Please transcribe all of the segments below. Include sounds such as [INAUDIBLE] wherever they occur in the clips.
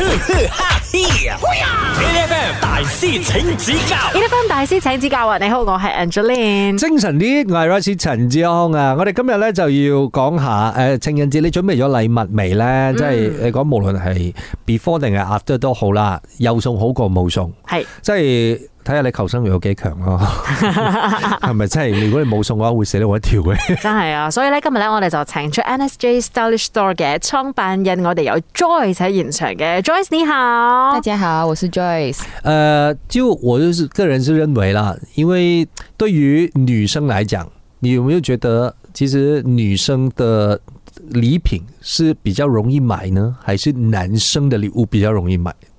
哼哼哈嘿，A. F. M. 大師請指教，A. F. M. 大師請指教啊！你好，我係 Angelina，精神啲，我係 Rise 陳志康啊！我哋今日咧，就要講下誒情人節，你準備咗禮物未咧？即係你講無論係 before 定係 after 都好啦，有送好過冇送，係即係。睇下你求生欲有幾強咯，係咪真係？如果你冇送嘅話，會死得我一條嘅。真係啊！所以咧，今日咧，我哋就請出 NSJ Stylish Store 嘅創辦人，我哋有 Joyce 喺現場嘅。Joyce 你好。大家好，我是 Joyce。誒、呃，就我就是個人是認為啦，因為對於女生來講，你有沒有覺得，其實女生的禮品是比較容易買呢，還是男生的禮物比較容易買？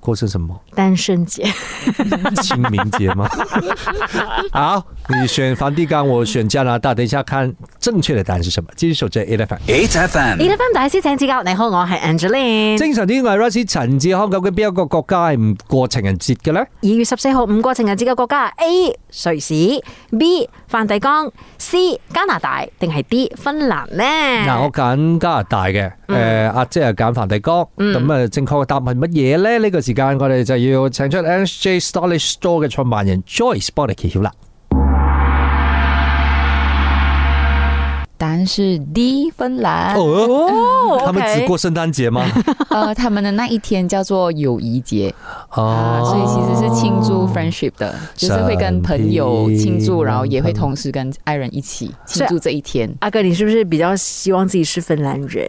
過剩什麼？單身節、清明節嘛？ [LAUGHS] 好，你選梵蒂岡，我選加拿大，等一下看正確的答案是什麼。記住手機 A F M。A F M。A F M 大師，請指教。你好，我係 Angeline。精神障礙老師陳志康，究竟邊一個國家唔過情人節嘅呢？二月十四號唔過情人節嘅國家 A 瑞士、B 梵蒂岡、C 加拿大定係 D 芬蘭呢？嗱，我揀加拿大嘅，誒、嗯，阿、呃、姐啊揀梵蒂岡，咁、嗯、啊，正確嘅答案係乜嘢咧？呢個？時間我哋就要請出 N J Stylish Store 嘅創辦人 Joyce 幫我哋揭曉啦。答案是 D，芬蘭。哦、oh, oh, okay. 他們只過聖誕節嗎？ [LAUGHS] 呃，他們的那一天叫做友誼節哦，所以其實是慶祝 friendship 的，oh, 就是會跟朋友慶祝，然後也會同時跟愛人一起慶祝這一天。阿哥，你是不是比較希望自己是芬蘭人？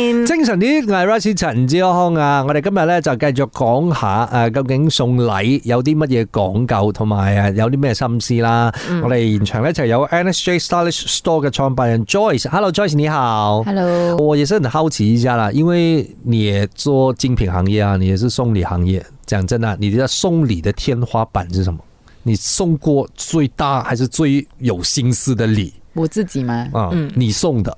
精神啲，係 r i s e 陳子康啊！我哋今日咧就繼續講下誒、啊，究竟送禮有啲乜嘢講究，同埋啊有啲咩心思啦？嗯、我哋現場咧就有 a NSJ s t a r l i s h store 嘅創辦人 Joyce，Hello Joyce 你好，Hello，我也是很好奇一下啦，因為你也做精品行業啊，你係做送禮行業，講真啊，你嘅送禮的天花板是什麼？你送過最大還是最有心思的禮？我自己嗎？啊、嗯，你送的。嗯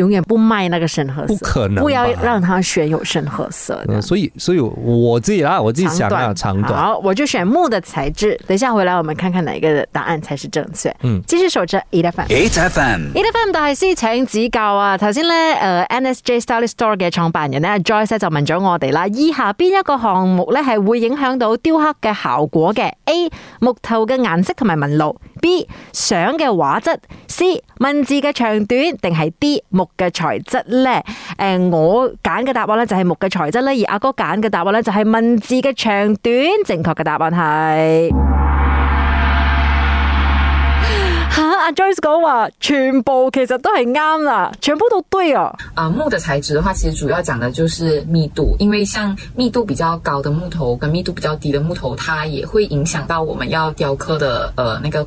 永遠不賣那個深褐色不可能。不要讓他選有深褐色，所以，所以我自己啦，我自己想啊，長短。好，我就選木的材質。等一下回來，我們看看哪一個答案才是正確。嗯，繼續守着 e 的 FM。一的 FM，一的 FM，大師請指教啊！頭先咧，呃，NSJ Style Store 嘅創辦人咧，Joyce 就問咗我哋啦：以下邊一個項目咧，係會影響到雕刻嘅效果嘅？A 木頭嘅顏色同埋紋路。B 相嘅畫質。C 文字嘅長短，定係 D 木嘅材質咧，誒、呃，我揀嘅答案咧就係、是、木嘅材質咧，而阿哥揀嘅答案咧就係、是、文字嘅長短，正確嘅答案係吓。阿、 [MUSIC] [MUSIC] 啊、Joyce 講話全部其實都係啱啦，全部都對啊。啊木嘅材質嘅話，其實主要講嘅就是密度，因為像密度比較高嘅木頭，跟密度比較低嘅木頭，它也會影響到我們要雕刻的，呃那個。